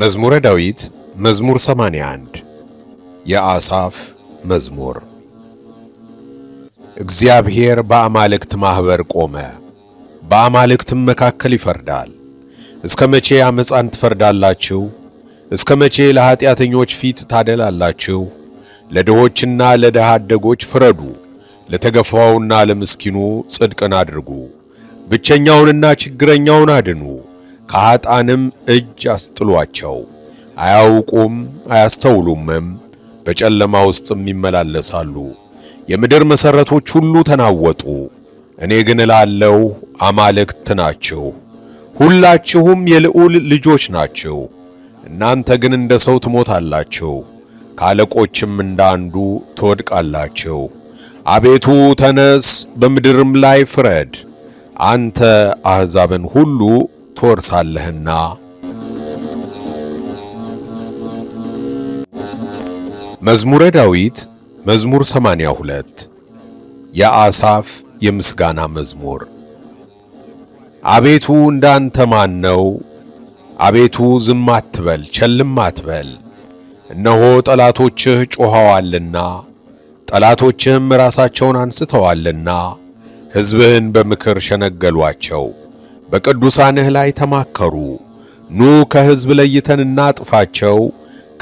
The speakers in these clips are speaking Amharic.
መዝሙረ ዳዊት መዝሙር 81 የአሳፍ መዝሙር። እግዚአብሔር በአማልክት ማኅበር ቆመ፣ በአማልክትም መካከል ይፈርዳል። እስከ መቼ ዓመፃን ትፈርዳላችሁ? እስከ መቼ ለኀጢአተኞች ፊት ታደላላችሁ? ለድሆችና ለድሃ አደጎች ፍረዱ፣ ለተገፋውና ለምስኪኑ ጽድቅን አድርጉ፣ ብቸኛውንና ችግረኛውን አድኑ። ከኃጥአንም እጅ አስጥሏቸው። አያውቁም አያስተውሉምም፣ በጨለማ ውስጥም ይመላለሳሉ። የምድር መሠረቶች ሁሉ ተናወጡ። እኔ ግን እላለሁ አማልክት ናችሁ፣ ሁላችሁም የልዑል ልጆች ናችሁ። እናንተ ግን እንደ ሰው ትሞታላችሁ፣ ካለቆችም እንደ አንዱ ትወድቃላችሁ። አቤቱ ተነስ፣ በምድርም ላይ ፍረድ። አንተ አሕዛብን ሁሉ ትወርሳለህና። መዝሙረ ዳዊት መዝሙር 82 የአሳፍ የምስጋና መዝሙር። አቤቱ እንዳንተ ማን ነው? አቤቱ ዝም አትበል፣ ቸልም አትበል። እነሆ ጠላቶችህ ጮኸዋልና፣ ጠላቶችህም ራሳቸውን አንስተዋልና ሕዝብህን በምክር ሸነገሏቸው። በቅዱሳንህ ላይ ተማከሩ። ኑ ከሕዝብ ለይተን እናጥፋቸው፣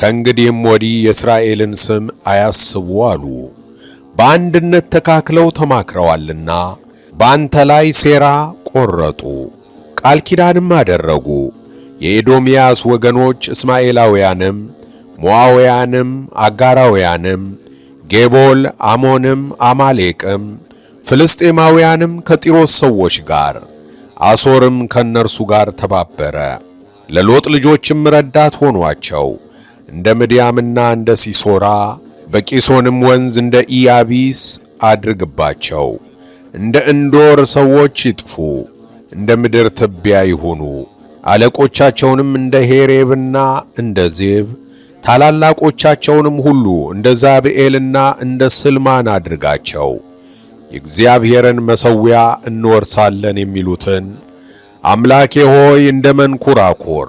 ከእንግዲህም ወዲህ የእስራኤልን ስም አያስቡ አሉ። በአንድነት ተካክለው ተማክረዋልና በአንተ ላይ ሴራ ቆረጡ፣ ቃል ኪዳንም አደረጉ። የኤዶምያስ ወገኖች እስማኤላውያንም፣ ሞዓውያንም፣ አጋራውያንም፣ ጌቦል አሞንም፣ አማሌቅም፣ ፍልስጤማውያንም ከጢሮስ ሰዎች ጋር አሶርም ከእነርሱ ጋር ተባበረ፣ ለሎጥ ልጆችም ረዳት ሆኗቸው። እንደ ምድያምና እንደ ሲሶራ በቂሶንም ወንዝ እንደ ኢያቢስ አድርግባቸው። እንደ እንዶር ሰዎች ይጥፉ፣ እንደ ምድር ትቢያ ይሁኑ። አለቆቻቸውንም እንደ ሄሬብና እንደ ዜብ፣ ታላላቆቻቸውንም ሁሉ እንደ ዛብኤልና እንደ ስልማን አድርጋቸው። የእግዚአብሔርን መሠዊያ እንወርሳለን የሚሉትን አምላኬ ሆይ እንደ መንኩራኩር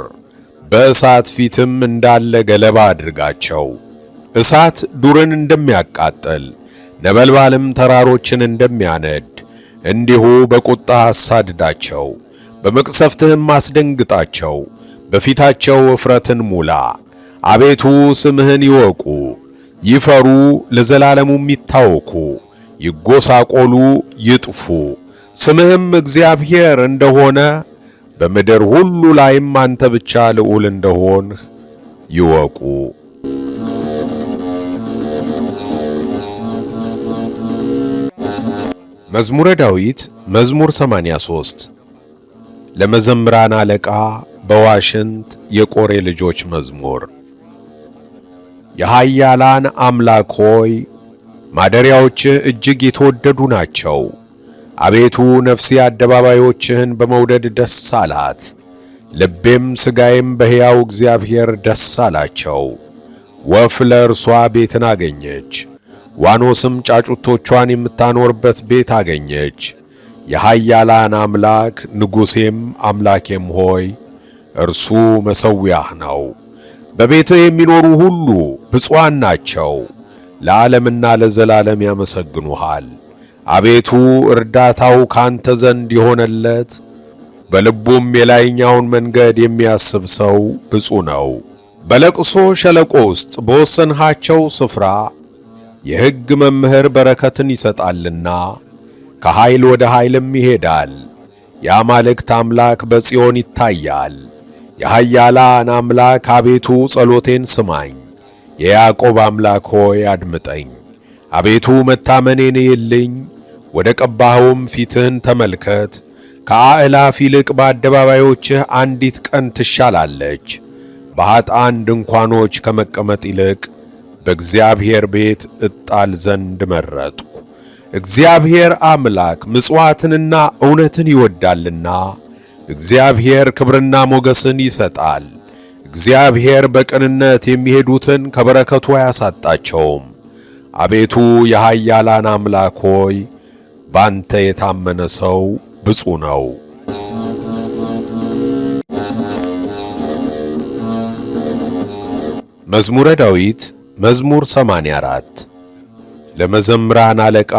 በእሳት ፊትም እንዳለ ገለባ አድርጋቸው። እሳት ዱርን እንደሚያቃጥል ነበልባልም ተራሮችን እንደሚያነድ እንዲሁ በቁጣ አሳድዳቸው፣ በመቅሰፍትህም አስደንግጣቸው። በፊታቸው እፍረትን ሙላ። አቤቱ ስምህን ይወቁ፣ ይፈሩ፣ ለዘላለሙም ይታወኩ። ይጎሳቆሉ ይጥፉ፣ ስምህም እግዚአብሔር እንደሆነ በምድር ሁሉ ላይም አንተ ብቻ ልዑል እንደሆንህ ይወቁ። መዝሙረ ዳዊት መዝሙር 83 ለመዘምራን አለቃ በዋሽንት የቆሬ ልጆች መዝሙር። የኃያላን አምላክ ሆይ ማደሪያዎች እጅግ የተወደዱ ናቸው። አቤቱ ነፍሴ አደባባዮችህን በመውደድ ደስ አላት። ልቤም ሥጋዬም በሕያው እግዚአብሔር ደስ አላቸው። ወፍ ለእርሷ ቤትን አገኘች፣ ዋኖስም ጫጩቶቿን የምታኖርበት ቤት አገኘች። የኃያላን አምላክ ንጉሴም አምላኬም ሆይ እርሱ መሠዊያህ ነው። በቤትህ የሚኖሩ ሁሉ ብፁዓን ናቸው። ለዓለምና ለዘላለም ያመሰግኑሃል። አቤቱ እርዳታው ካንተ ዘንድ የሆነለት በልቡም የላይኛውን መንገድ የሚያስብ ሰው ብፁ ነው። በለቅሶ ሸለቆ ውስጥ በወሰንሃቸው ስፍራ የሕግ መምህር በረከትን ይሰጣልና ከኃይል ወደ ኃይልም ይሄዳል። የአማልክት አምላክ በጽዮን ይታያል። የኃያላን አምላክ አቤቱ ጸሎቴን ስማኝ የያዕቆብ አምላክ ሆይ አድምጠኝ። አቤቱ መታመኔን ይልኝ፣ ወደ ቀባኸውም ፊትህን ተመልከት። ከአእላፍ ይልቅ በአደባባዮችህ አንዲት ቀን ትሻላለች። በኃጥአን ድንኳኖች ከመቀመጥ ይልቅ በእግዚአብሔር ቤት እጣል ዘንድ መረጥኩ። እግዚአብሔር አምላክ ምጽዋትንና እውነትን ይወዳልና፣ እግዚአብሔር ክብርና ሞገስን ይሰጣል። እግዚአብሔር በቅንነት የሚሄዱትን ከበረከቱ አያሳጣቸውም። አቤቱ የኃያላን አምላክ ሆይ ባንተ የታመነ ሰው ብፁዕ ነው። መዝሙረ ዳዊት መዝሙር 84 ለመዘምራን አለቃ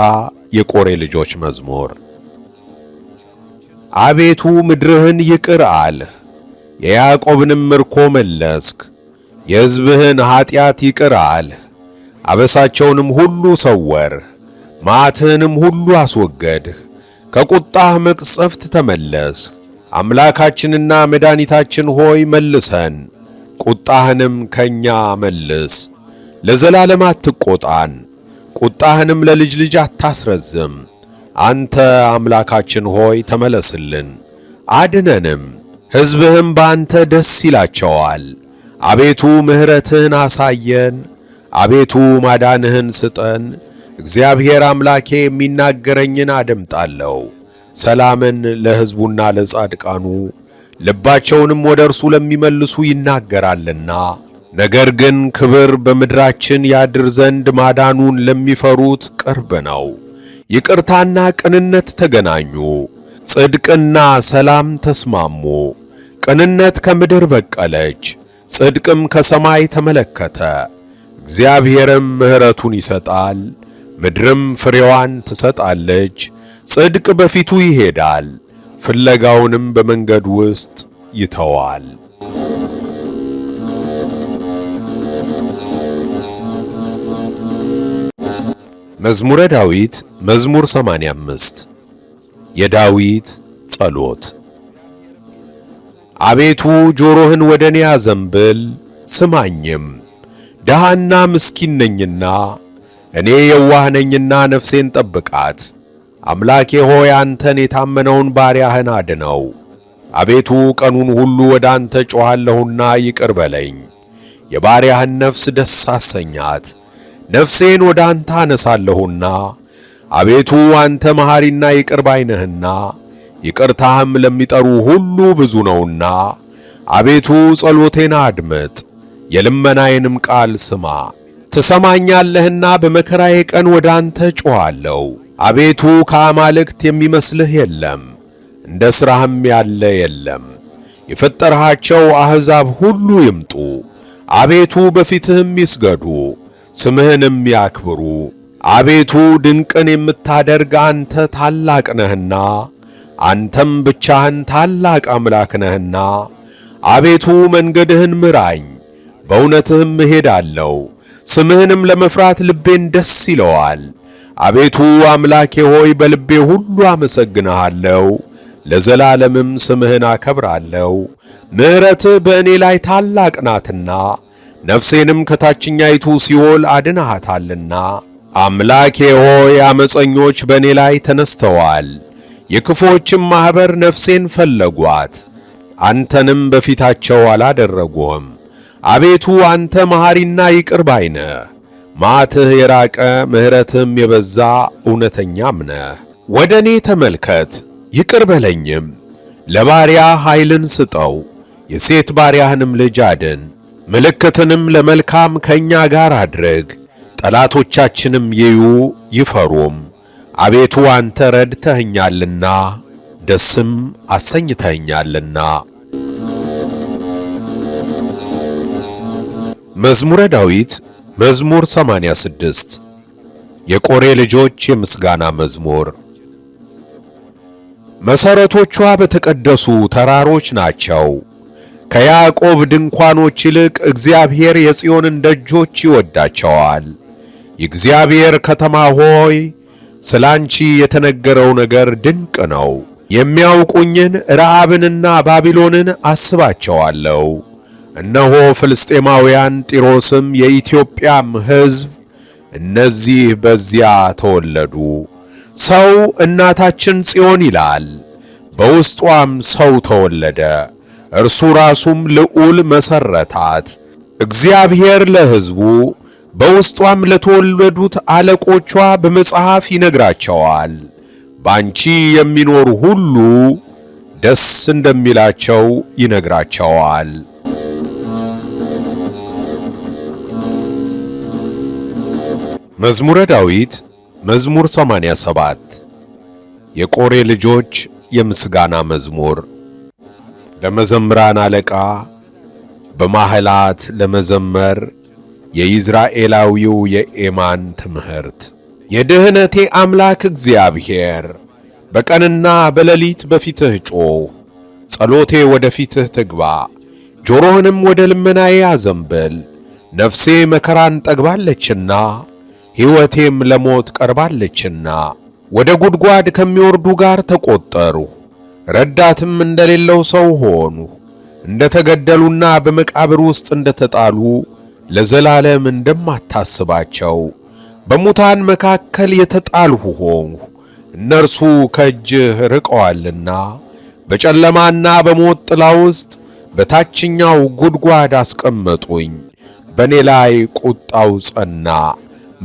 የቆሬ ልጆች መዝሙር። አቤቱ ምድርህን ይቅር አልህ የያዕቆብንም ምርኮ መለስክ፣ የሕዝብህን ኀጢአት ይቅር አልህ። አበሳቸውንም ሁሉ ሰወርህ፣ መዓትህንም ሁሉ አስወገድህ። ከቁጣህ መቅጸፍት ተመለስ። አምላካችንና መድኃኒታችን ሆይ መልሰን፣ ቁጣህንም ከኛ መልስ። ለዘላለም አትቆጣን፣ ቁጣህንም ለልጅ ልጅ አታስረዝም። አንተ አምላካችን ሆይ ተመለስልን፣ አድነንም። ሕዝብህም ባንተ ደስ ይላቸዋል። አቤቱ ምሕረትህን አሳየን፣ አቤቱ ማዳንህን ስጠን። እግዚአብሔር አምላኬ የሚናገረኝን አደምጣለሁ። ሰላምን ለሕዝቡና ለጻድቃኑ ልባቸውንም ወደ እርሱ ለሚመልሱ ይናገራልና። ነገር ግን ክብር በምድራችን ያድር ዘንድ ማዳኑን ለሚፈሩት ቅርብ ነው። ይቅርታና ቅንነት ተገናኙ፣ ጽድቅና ሰላም ተስማሙ። ቅንነት ከምድር በቀለች፣ ጽድቅም ከሰማይ ተመለከተ። እግዚአብሔርም ምሕረቱን ይሰጣል፣ ምድርም ፍሬዋን ትሰጣለች። ጽድቅ በፊቱ ይሄዳል፣ ፍለጋውንም በመንገድ ውስጥ ይተዋል። መዝሙረ ዳዊት መዝሙር 85 የዳዊት ጸሎት አቤቱ ጆሮህን ወደ እኔ አዘንብል ስማኝም። ደሃና ምስኪን ነኝና እኔ የዋህ ነኝና ነፍሴን ጠብቃት። አምላኬ ሆይ አንተን የታመነውን ባሪያህን አድነው። አቤቱ ቀኑን ሁሉ ወደ አንተ ጮኻለሁና ይቅር በለኝ። የባሪያህን ነፍስ ደስ አሰኛት፣ ነፍሴን ወደ አንተ አነሳለሁና አቤቱ አንተ መሐሪና ይቅር ባይነህና ይቅርታህም ለሚጠሩ ሁሉ ብዙ ነውና፣ አቤቱ ጸሎቴን አድምጥ፣ የልመናዬንም ቃል ስማ። ትሰማኛለህና በመከራዬ ቀን ወደ አንተ ጮኻለሁ። አቤቱ ከአማልክት የሚመስልህ የለም፣ እንደ ሥራህም ያለ የለም። የፈጠርሃቸው አሕዛብ ሁሉ ይምጡ፣ አቤቱ በፊትህም ይስገዱ፣ ስምህንም ያክብሩ። አቤቱ ድንቅን የምታደርግ አንተ ታላቅ ነህና አንተም ብቻህን ታላቅ አምላክ ነህና፣ አቤቱ መንገድህን ምራኝ፣ በእውነትህም እሄዳለሁ። ስምህንም ለመፍራት ልቤን ደስ ይለዋል። አቤቱ አምላኬ ሆይ በልቤ ሁሉ አመሰግንሃለሁ፣ ለዘላለምም ስምህን አከብራለሁ። ምሕረትህ በእኔ ላይ ታላቅ ናትና ነፍሴንም ከታችኛይቱ ሲኦል አድነሃታልና። አምላኬ ሆይ አመፀኞች በእኔ ላይ ተነስተዋል፣ የክፉዎችም ማኅበር ነፍሴን ፈለጓት፣ አንተንም በፊታቸው አላደረጉም። አቤቱ አንተ መሐሪና ይቅር ባይ ነህ፣ መዓትህ የራቀ ምሕረትም የበዛ እውነተኛም ነህ። ወደ እኔ ተመልከት ይቅር በለኝም፣ ለባሪያ ኃይልን ስጠው፣ የሴት ባሪያህንም ልጅ አድን። ምልክትንም ለመልካም ከእኛ ጋር አድርግ፣ ጠላቶቻችንም ይዩ ይፈሩም። አቤቱ አንተ ረድተኸኛልና ደስም አሰኝተኸኛልና። መዝሙረ ዳዊት መዝሙር 86 የቆሬ ልጆች የምስጋና መዝሙር። መሠረቶቿ በተቀደሱ ተራሮች ናቸው። ከያዕቆብ ድንኳኖች ይልቅ እግዚአብሔር የጽዮንን ደጆች ይወዳቸዋል። የእግዚአብሔር ከተማ ሆይ ስለ አንቺ የተነገረው ነገር ድንቅ ነው። የሚያውቁኝን ረዓብንና ባቢሎንን አስባቸዋለሁ። እነሆ ፍልስጤማውያን ጢሮስም የኢትዮጵያም ሕዝብ እነዚህ በዚያ ተወለዱ። ሰው እናታችን ጽዮን ይላል፣ በውስጧም ሰው ተወለደ፣ እርሱ ራሱም ልዑል መሠረታት። እግዚአብሔር ለሕዝቡ በውስጧም ለተወለዱት አለቆቿ በመጽሐፍ ይነግራቸዋል። ባንቺ የሚኖሩ ሁሉ ደስ እንደሚላቸው ይነግራቸዋል። መዝሙረ ዳዊት መዝሙር 87 የቆሬ ልጆች የምስጋና መዝሙር ለመዘምራን አለቃ በማህላት ለመዘመር የኢዝራኤላዊው የኤማን ትምህርት የድህነቴ አምላክ እግዚአብሔር በቀንና በሌሊት በፊትህ ጮህ፣ ጸሎቴ ወደ ፊትህ ትግባ፣ ጆሮህንም ወደ ልመናዬ አዘንብል። ነፍሴ መከራን ጠግባለችና ሕይወቴም ለሞት ቀርባለችና ወደ ጉድጓድ ከሚወርዱ ጋር ተቈጠሩ። ረዳትም እንደሌለው ሰው ሆኑ። እንደ ተገደሉና በመቃብር ውስጥ እንደ ተጣሉ ለዘላለም እንደማታስባቸው በሙታን መካከል የተጣልሁ ሆንሁ፣ እነርሱ ከእጅህ ርቀዋልና በጨለማና በሞት ጥላ ውስጥ በታችኛው ጉድጓድ አስቀመጡኝ። በእኔ ላይ ቁጣው ጸና፣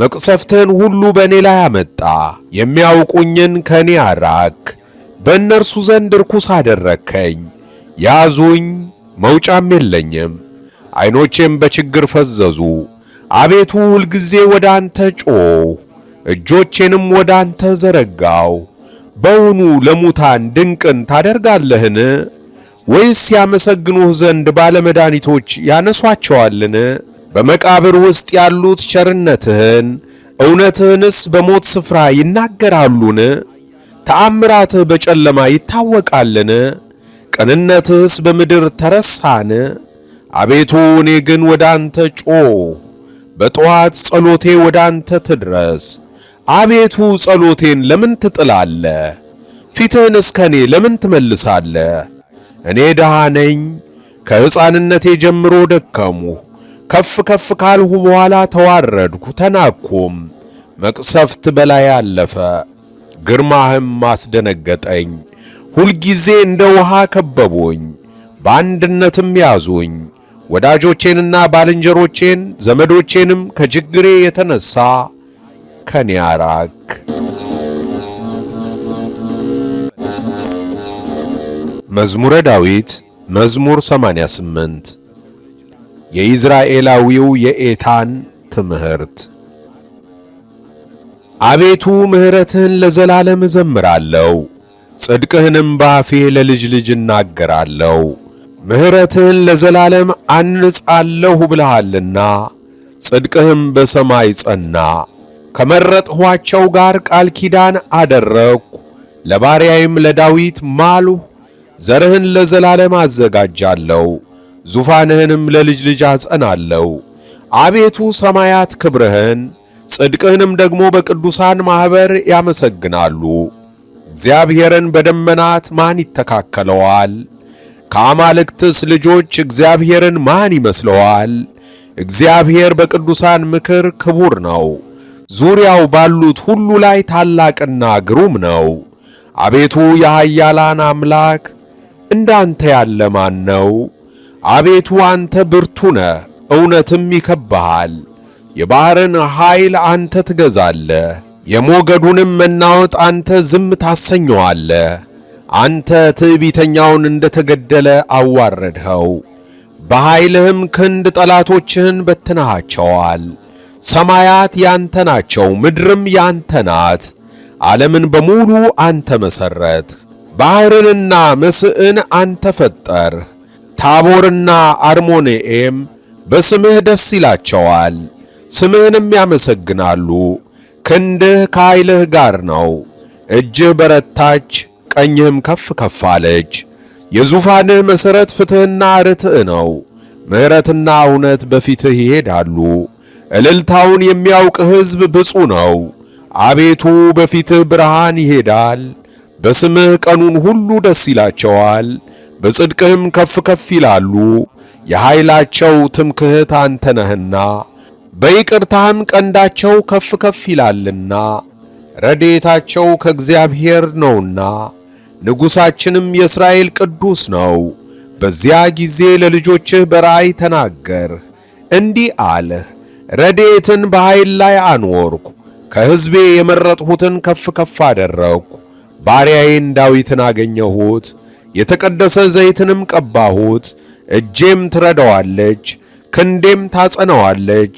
መቅሰፍትን ሁሉ በእኔ ላይ አመጣ። የሚያውቁኝን ከእኔ አራክ፣ በእነርሱ ዘንድ ርኩስ አደረግከኝ። ያዙኝ፣ መውጫም የለኝም። ዓይኖቼም በችግር ፈዘዙ። አቤቱ ሁልጊዜ ወደ አንተ ጮው እጆቼንም ወደ አንተ ዘረጋው። በውኑ ለሙታን ድንቅን ታደርጋለህን? ወይስ ያመሰግኑህ ዘንድ ባለመድኃኒቶች ያነሷቸዋልን? በመቃብር ውስጥ ያሉት ቸርነትህን እውነትህንስ በሞት ስፍራ ይናገራሉን? ተአምራትህ በጨለማ ይታወቃልን? ቅንነትህስ በምድር ተረሳን? አቤቱ እኔ ግን ወደ አንተ ጮህ፣ በጠዋት ጸሎቴ ወደ አንተ ትድረስ። አቤቱ ጸሎቴን ለምን ትጥላለ? ፊትህን እስከ እኔ ለምን ትመልሳለ? እኔ ደሃ ነኝ፣ ከሕፃንነቴ ጀምሮ ደከሙ። ከፍ ከፍ ካልሁ በኋላ ተዋረድኩ፣ ተናኩም። መቅሰፍት በላይ አለፈ፣ ግርማህም አስደነገጠኝ። ሁልጊዜ እንደ ውሃ ከበቦኝ፣ በአንድነትም ያዙኝ። ወዳጆቼንና ባልንጀሮቼን ዘመዶቼንም ከችግሬ የተነሳ ከኔ አራቅ። መዝሙረ ዳዊት መዝሙር 88 የኢዝራኤላዊው የኤታን ትምህርት። አቤቱ ምሕረትህን ለዘላለም እዘምራለሁ፣ ጽድቅህንም ባፌ ለልጅ ልጅ እናገራለሁ። ምሕረትህን ለዘላለም አንጻለሁ ብለሃልና ጽድቅህም በሰማይ ጸና። ከመረጥኋቸው ጋር ቃል ኪዳን አደረግሁ፣ ለባሪያዬም ለዳዊት ማሉ። ዘርህን ለዘላለም አዘጋጃለሁ፣ ዙፋንህንም ለልጅ ልጅ አጸናለሁ። አቤቱ ሰማያት ክብርህን ጽድቅህንም ደግሞ በቅዱሳን ማኅበር ያመሰግናሉ። እግዚአብሔርን በደመናት ማን ይተካከለዋል? ከአማልክትስ ልጆች እግዚአብሔርን ማን ይመስለዋል? እግዚአብሔር በቅዱሳን ምክር ክቡር ነው፣ ዙሪያው ባሉት ሁሉ ላይ ታላቅና ግሩም ነው። አቤቱ የኃያላን አምላክ እንዳንተ ያለ ማን ነው? አቤቱ አንተ ብርቱ ነህ፣ እውነትም ይከብሃል። የባሕርን ኃይል አንተ ትገዛለህ፣ የሞገዱንም መናወጥ አንተ ዝም ታሰኘዋለህ። አንተ ትዕቢተኛውን እንደተገደለ አዋረድኸው፣ በኃይልህም ክንድ ጠላቶችህን በትነሃቸዋል። ሰማያት ያንተ ናቸው፣ ምድርም ያንተ ናት። ዓለምን በሙሉ አንተ መሠረት፣ ባሕርንና መስዕን አንተ ፈጠርህ። ታቦርና አርሞንኤም በስምህ ደስ ይላቸዋል፣ ስምህንም ያመሰግናሉ። ክንድህ ከኃይልህ ጋር ነው፣ እጅህ በረታች። ቀኝህም ከፍ ከፍ አለች። የዙፋንህ መሠረት ፍትሕና ርትዕ ነው። ምሕረትና እውነት በፊትህ ይሄዳሉ። እልልታውን የሚያውቅ ሕዝብ ብፁ ነው። አቤቱ በፊትህ ብርሃን ይሄዳል። በስምህ ቀኑን ሁሉ ደስ ይላቸዋል፣ በጽድቅህም ከፍ ከፍ ይላሉ። የኃይላቸው ትምክህት አንተ ነህና በይቅርታህም ቀንዳቸው ከፍ ከፍ ይላልና ረዴታቸው ከእግዚአብሔር ነውና ንጉሣችንም የእስራኤል ቅዱስ ነው። በዚያ ጊዜ ለልጆችህ በራእይ ተናገርህ፣ እንዲህ አልህ፦ ረድኤትን በኃይል ላይ አኖርኩ፣ ከሕዝቤ የመረጥሁትን ከፍ ከፍ አደረግሁ። ባሪያዬን ዳዊትን አገኘሁት፣ የተቀደሰ ዘይትንም ቀባሁት። እጄም ትረዳዋለች፣ ክንዴም ታጸነዋለች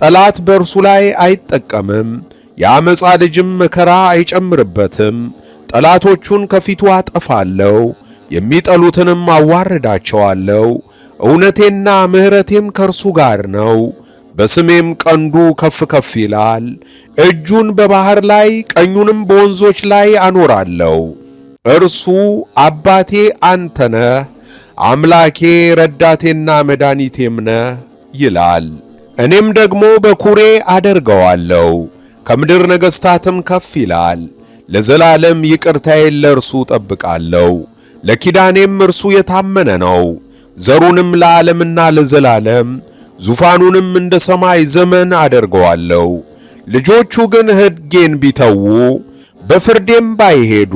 ጠላት በእርሱ ላይ አይጠቀምም፣ የአመፃ ልጅም መከራ አይጨምርበትም። ጠላቶቹን ከፊቱ አጠፋለሁ፣ የሚጠሉትንም አዋርዳቸዋለሁ። እውነቴና ምሕረቴም ከእርሱ ጋር ነው፣ በስሜም ቀንዱ ከፍ ከፍ ይላል። እጁን በባህር ላይ ቀኙንም በወንዞች ላይ አኖራለሁ። እርሱ አባቴ አንተ ነህ፣ አምላኬ ረዳቴና መድኃኒቴም ነህ ይላል። እኔም ደግሞ በኩሬ አደርገዋለሁ፣ ከምድር ነገሥታትም ከፍ ይላል። ለዘላለም ይቅርታዬን ለእርሱ ጠብቃለሁ፣ ለኪዳኔም እርሱ የታመነ ነው። ዘሩንም ለዓለምና ለዘላለም ዙፋኑንም እንደ ሰማይ ዘመን አደርገዋለሁ። ልጆቹ ግን ሕጌን ቢተዉ በፍርዴም ባይሄዱ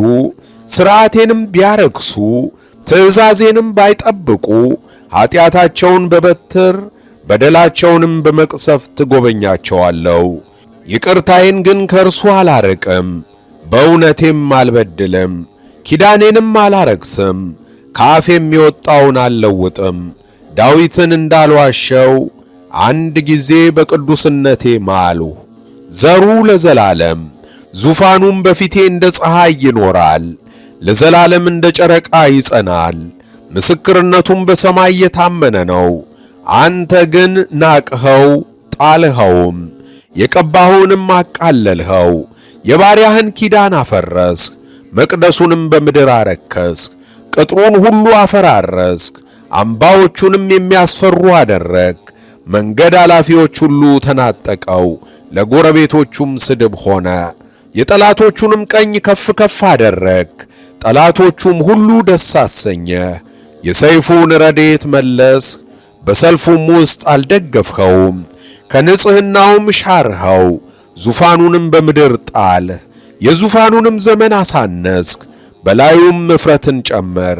ሥርዓቴንም ቢያረክሱ ትእዛዜንም ባይጠብቁ ኀጢአታቸውን በበትር በደላቸውንም በመቅሰፍት እጐበኛቸዋለሁ። ይቅርታዬን ግን ከእርሱ አላርቅም በእውነቴም አልበድልም፣ ኪዳኔንም አላረግስም ካፌም የወጣውን አልለውጥም። ዳዊትን እንዳልዋሸው አንድ ጊዜ በቅዱስነቴ ማሉ። ዘሩ ለዘላለም ዙፋኑም በፊቴ እንደ ፀሐይ ይኖራል፣ ለዘላለም እንደ ጨረቃ ይጸናል። ምስክርነቱም በሰማይ የታመነ ነው። አንተ ግን ናቅኸው ጣልኸውም፣ የቀባኸውንም አቃለልኸው። የባሪያህን ኪዳን አፈረስክ፣ መቅደሱንም በምድር አረከስክ፣ ቅጥሩን ሁሉ አፈራረስክ፣ አምባዎቹንም የሚያስፈሩ አደረግ። መንገድ አላፊዎች ሁሉ ተናጠቀው፣ ለጎረቤቶቹም ስድብ ሆነ። የጠላቶቹንም ቀኝ ከፍ ከፍ አደረግ፣ ጠላቶቹም ሁሉ ደስ አሰኘ። የሰይፉን ረዴት መለስ፣ በሰልፉም ውስጥ አልደገፍኸውም፣ ከንጽሕናውም ሻርኸው ዙፋኑንም በምድር ጣል፣ የዙፋኑንም ዘመን አሳነስክ፣ በላዩም እፍረትን ጨመር።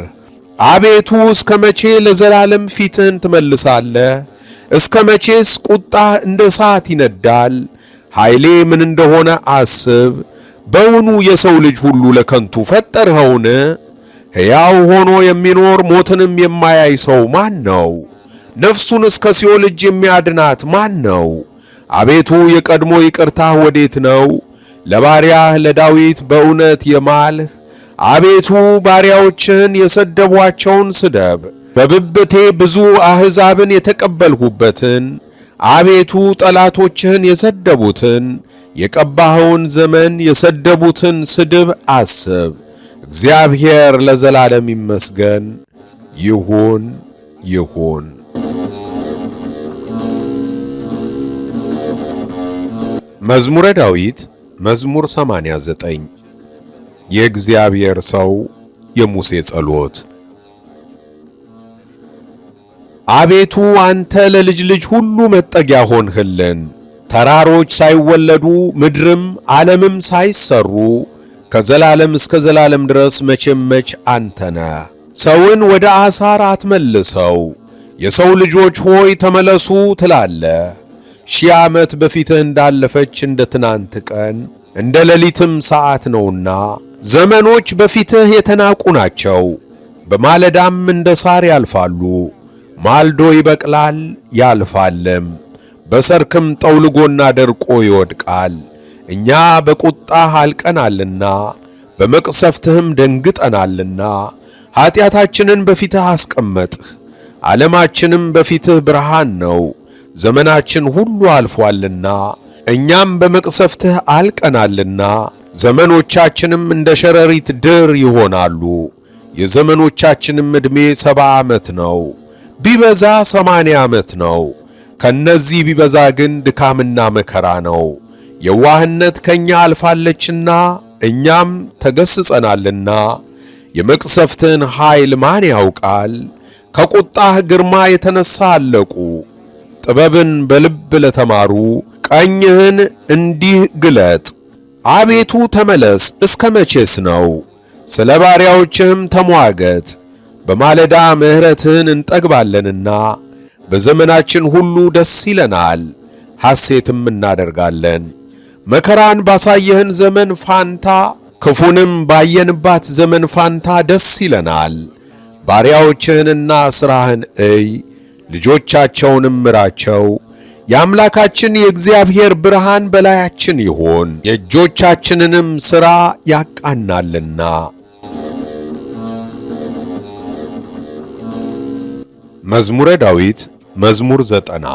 አቤቱ እስከ መቼ ለዘላለም ፊትህን ትመልሳለህ? እስከ መቼስ ቁጣህ እንደ እሳት ይነዳል? ኃይሌ ምን እንደሆነ አስብ። በውኑ የሰው ልጅ ሁሉ ለከንቱ ፈጠርኸውን? ሕያው ሆኖ የሚኖር ሞትንም የማያይ ሰው ማን ነው? ነፍሱን እስከ ሲኦል እጅ የሚያድናት ማን ነው? አቤቱ የቀድሞ ይቅርታህ ወዴት ነው? ለባሪያህ ለዳዊት በእውነት የማልህ አቤቱ ባሪያዎችህን የሰደቧቸውን ስደብ በብብቴ ብዙ አሕዛብን የተቀበልሁበትን አቤቱ ጠላቶችህን የሰደቡትን የቀባኸውን ዘመን የሰደቡትን ስድብ አስብ። እግዚአብሔር ለዘላለም ይመስገን። ይሁን ይሁን። መዝሙረ ዳዊት መዝሙር 89 የእግዚአብሔር ሰው የሙሴ ጸሎት። አቤቱ አንተ ለልጅ ልጅ ሁሉ መጠጊያ ሆንህልን። ተራሮች ሳይወለዱ ምድርም ዓለምም ሳይሰሩ ከዘላለም እስከ ዘላለም ድረስ መቼም መች አንተ ነ ሰውን ወደ አሳር አትመልሰው። የሰው ልጆች ሆይ ተመለሱ ትላለህ። ሺህ ዓመት በፊትህ እንዳለፈች እንደ ትናንት ቀን እንደ ሌሊትም ሰዓት ነውና ዘመኖች በፊትህ የተናቁ ናቸው። በማለዳም እንደ ሳር ያልፋሉ። ማልዶ ይበቅላል ያልፋልም፣ በሰርክም ጠውልጎና ደርቆ ይወድቃል። እኛ በቁጣህ አልቀናልና በመቅሰፍትህም ደንግጠናልና ኀጢአታችንን በፊትህ አስቀመጥህ፣ ዓለማችንም በፊትህ ብርሃን ነው። ዘመናችን ሁሉ አልፏልና እኛም በመቅሰፍትህ አልቀናልና ዘመኖቻችንም እንደ ሸረሪት ድር ይሆናሉ። የዘመኖቻችንም ዕድሜ ሰባ ዓመት ነው፣ ቢበዛ ሰማንያ ዓመት ነው። ከነዚህ ቢበዛ ግን ድካምና መከራ ነው። የዋህነት ከኛ አልፋለችና እኛም ተገስጸናልና የመቅሰፍትህን ኃይል ማን ያውቃል? ከቁጣህ ግርማ የተነሳ አለቁ። ጥበብን በልብ ለተማሩ ቀኝህን እንዲህ ግለጥ። አቤቱ ተመለስ፣ እስከ መቼስ ነው? ስለ ባሪያዎችህም ተሟገት። በማለዳ ምሕረትህን እንጠግባለንና በዘመናችን ሁሉ ደስ ይለናል፣ ሐሴትም እናደርጋለን። መከራን ባሳየህን ዘመን ፋንታ ክፉንም ባየንባት ዘመን ፋንታ ደስ ይለናል። ባሪያዎችህንና ሥራህን እይ ልጆቻቸውንም ምራቸው። የአምላካችን የእግዚአብሔር ብርሃን በላያችን ይሆን፣ የእጆቻችንንም ሥራ ያቃናልና። መዝሙረ ዳዊት መዝሙር ዘጠና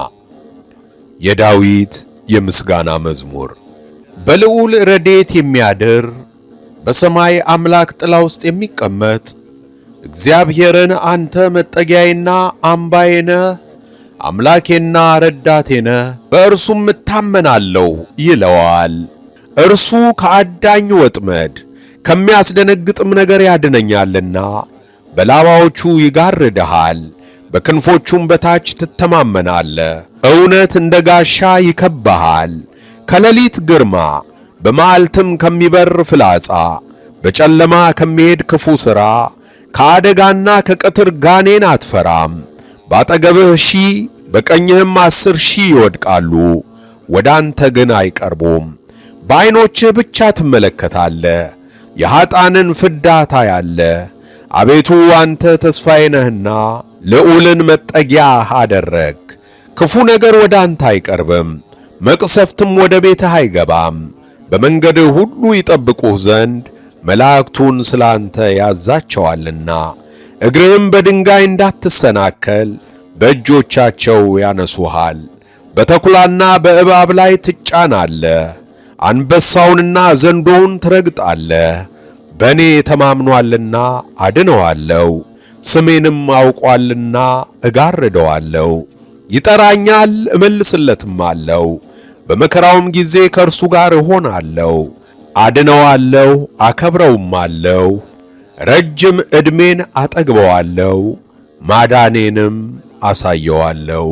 የዳዊት የምስጋና መዝሙር። በልዑል ረዴት የሚያድር በሰማይ አምላክ ጥላ ውስጥ የሚቀመጥ እግዚአብሔርን አንተ መጠጊያዬና አምባዬ አምላኬና ረዳቴነ በእርሱም እታመናለሁ ይለዋል። እርሱ ከአዳኝ ወጥመድ ከሚያስደነግጥም ነገር ያድነኛልና። በላባዎቹ ይጋርድሃል፣ በክንፎቹም በታች ትተማመናለህ። እውነት እንደ ጋሻ ይከብሃል፣ ከሌሊት ግርማ፣ በመዓልትም ከሚበር ፍላጻ፣ በጨለማ ከሚሄድ ክፉ ሥራ ከአደጋና ከቀትር ጋኔን አትፈራም። ባጠገብህ ሺህ በቀኝህም አስር ሺህ ይወድቃሉ፣ ወደ አንተ ግን አይቀርቡም። በዐይኖችህ ብቻ ትመለከታለህ፣ የኀጣንን ፍዳ ታያለህ። አቤቱ አንተ ተስፋዬ ነህና ልዑልን መጠጊያህ አደረግ። ክፉ ነገር ወደ አንተ አይቀርብም፣ መቅሰፍትም ወደ ቤትህ አይገባም። በመንገድህ ሁሉ ይጠብቁህ ዘንድ መላእክቱን ስላንተ ያዛቸዋልና እግርህም በድንጋይ እንዳትሰናከል በእጆቻቸው ያነሱሃል። በተኩላና በእባብ ላይ ትጫናለ፣ አንበሳውንና ዘንዶውን ትረግጣለ። በእኔ ተማምኗልና አድነዋለሁ፣ ስሜንም አውቋልና እጋርደዋለሁ። ይጠራኛል፣ እመልስለትም አለው። በመከራውም ጊዜ ከእርሱ ጋር እሆናለሁ። አድነዋለሁ፣ አከብረውማለሁ፣ ረጅም ዕድሜን አጠግበዋለሁ፣ ማዳኔንም አሳየዋለሁ።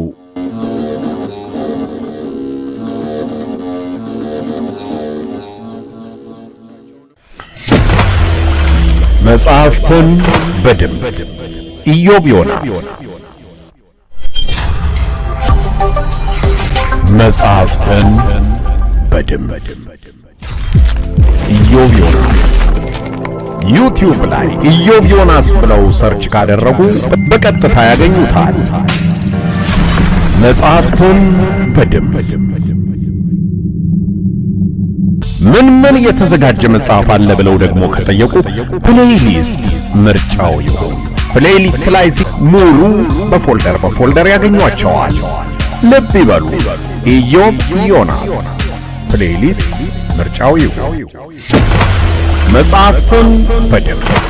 መጽሐፍትን በድምፅ ኢዮብ ዮናስ መጽሐፍትን በድምፅ ኢዮብ ዮናስ ዩቲዩብ ላይ ኢዮብ ዮናስ ብለው ሰርች ካደረጉ በቀጥታ ያገኙታል። መጽሐፍቱን በድምፅ ምን ምን የተዘጋጀ መጽሐፍ አለ ብለው ደግሞ ከጠየቁ ፕሌይሊስት ምርጫው ይሁን። ፕሌይሊስት ላይ ሙሉ በፎልደር በፎልደር ያገኟቸዋል። ልብ ይበሉ። ኢዮብ ዮናስ ፕሌይሊስት ምርጫው ይሁን። መጽሐፍትን በድምፅ